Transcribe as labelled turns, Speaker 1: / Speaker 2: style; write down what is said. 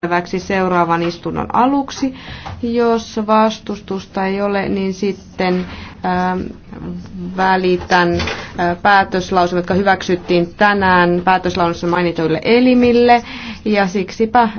Speaker 1: tehtäväksi seuraavan istunnon aluksi. Jos vastustusta ei ole, niin sitten ähm, välitän äh, päätöslausumat, jotka hyväksyttiin tänään päätöslausunnossa mainituille elimille. Ja siksipä äh,